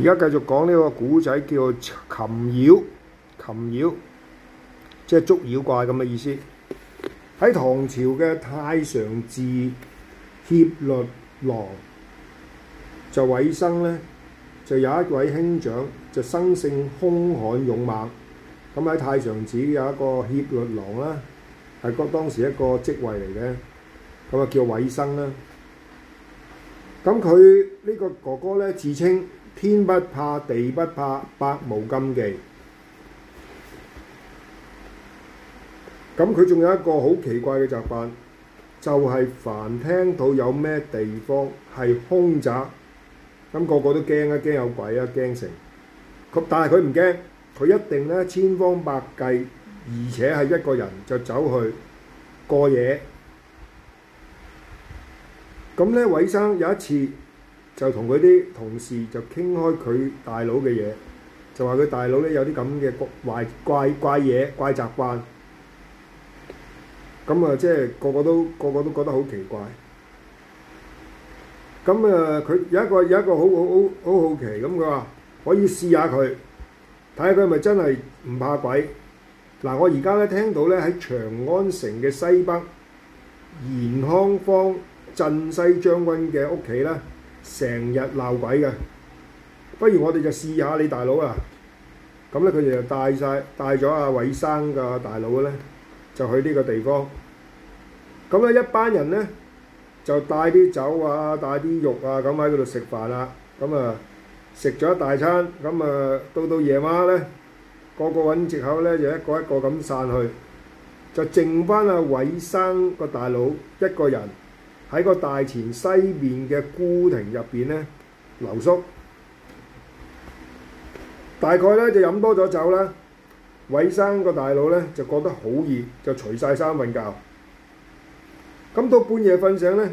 而家繼續講呢個古仔，叫做擒妖，擒妖，即係捉妖怪咁嘅意思。喺唐朝嘅太常寺協律郎就韋生咧，就有一位兄長，就生性兇悍勇猛。咁喺太常寺有一個協律郎啦，係當當時一個職位嚟嘅，咁啊叫韋生啦。咁佢呢個哥哥咧，自稱，天不怕地不怕，百無禁忌。咁佢仲有一個好奇怪嘅習慣，就係、是、凡聽到有咩地方係凶宅，咁、那個個都驚啊，驚有鬼啊，驚成。但係佢唔驚，佢一定咧千方百計，而且係一個人就走去過夜。咁呢，偉生有一次。就同佢啲同事就傾開佢大佬嘅嘢，就話佢大佬咧有啲咁嘅怪怪怪嘢怪，怪，怪習慣，咁啊即係個個都個個都覺得好奇怪。咁啊，佢有一個有一個好好好好，好好奇咁，佢話可以試下佢，睇下佢係咪真係唔怕鬼嗱。我而家咧聽到咧喺長安城嘅西北延康坊鎮西將軍嘅屋企咧。成日鬧鬼嘅，不如我哋就試下你大佬啊！咁咧，佢哋就帶晒帶咗阿偉生個大佬咧，就去呢個地方。咁咧，一班人咧就帶啲酒啊，帶啲肉啊，咁喺嗰度食飯啦。咁啊，食咗、啊、一大餐，咁啊，到到夜晚咧、啊，個個揾藉口咧，就一個一個咁散去，就剩翻阿偉生個大佬一個人。喺個大前西面嘅孤亭入邊咧，留宿，大概咧就飲多咗酒啦。韋生個大佬咧就覺得好熱，就除晒衫瞓覺。咁到半夜瞓醒咧，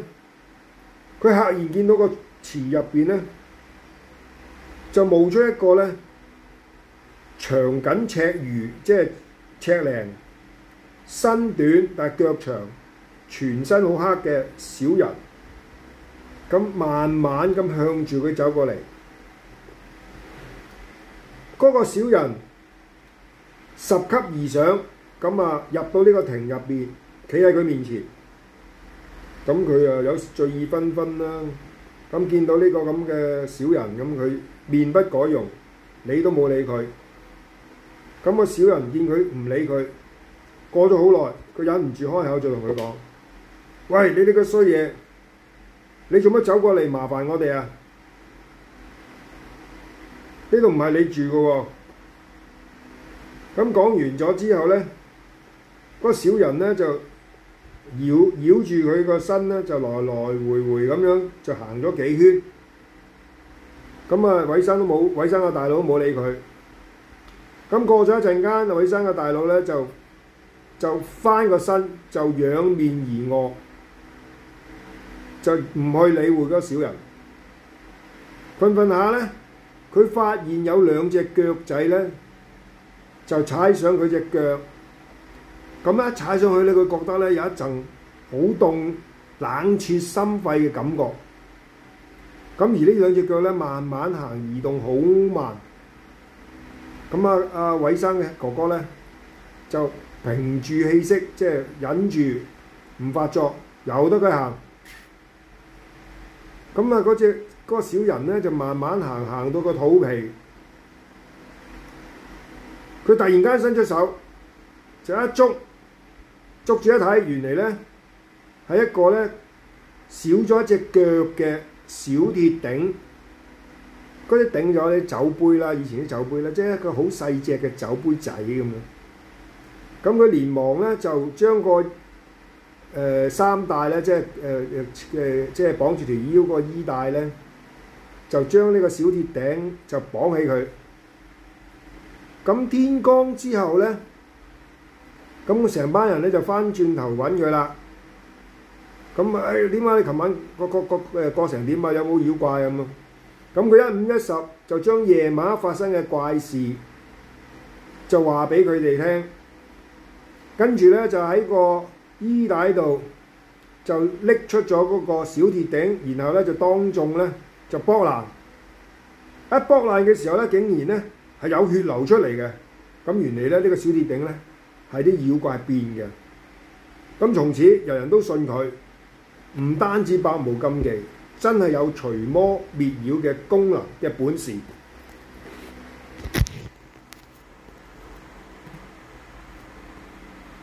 佢嚇然見到個池入邊咧就冒出一個咧長緊尺餘，即係尺零，身短但腳長。全身好黑嘅小人，咁慢慢咁向住佢走過嚟。嗰個小人拾級而上，咁啊入到呢個亭入邊，企喺佢面前。咁佢啊有醉意醺醺啦，咁見到呢個咁嘅小人，咁佢面不改容，理都冇理佢。咁個小人見佢唔理佢，過咗好耐，佢忍唔住開口就同佢講。喂，你呢個衰嘢，你做乜走過嚟麻煩我哋啊？呢度唔係你住嘅喎、哦。咁講完咗之後咧，嗰、那個、小人咧就繞繞住佢個身咧，就來來回回咁樣就行咗幾圈。咁啊，偉生都冇，偉生嘅大佬都冇理佢。咁過咗一陣間，偉生嘅大佬咧就就翻個身，就仰面而卧。就唔去理會嗰少人，瞓瞓下咧，佢發現有兩隻腳仔咧，就踩上佢隻腳，咁咧踩上去咧，佢覺得咧有一陣好凍，冷徹心肺嘅感覺。咁而呢兩隻腳咧，慢慢行，移動好慢。咁啊啊偉生嘅哥哥咧，就屏住氣息，即係忍住唔發作，由得佢行。咁啊，嗰隻嗰個小人咧就慢慢行，行到個肚皮，佢突然間伸出手，就一捉，捉住一睇，原嚟咧係一個咧少咗一隻腳嘅小鐵頂，嗰啲頂咗啲酒杯啦，以前啲酒杯啦，即係一個好細隻嘅酒杯仔咁樣。咁佢連忙咧就將個誒、呃、三帶咧，即係誒誒誒，即係綁住條腰個衣帶咧，就將呢個小鐵頂就綁起佢。咁天光之後咧，咁成班人咧就翻轉頭揾佢啦。咁誒點解你琴晚個個個誒過成點啊？有冇妖怪咁啊？咁佢一五一十就將夜晚發生嘅怪事就話俾佢哋聽，跟住咧就喺個衣帶度就拎出咗嗰個小鐵頂，然後咧就當眾咧就剝爛，一剝爛嘅時候咧，竟然咧係有血流出嚟嘅，咁原嚟咧呢個小鐵頂咧係啲妖怪變嘅，咁從此人人都信佢，唔單止百無禁忌，真係有除魔滅妖嘅功能嘅本事。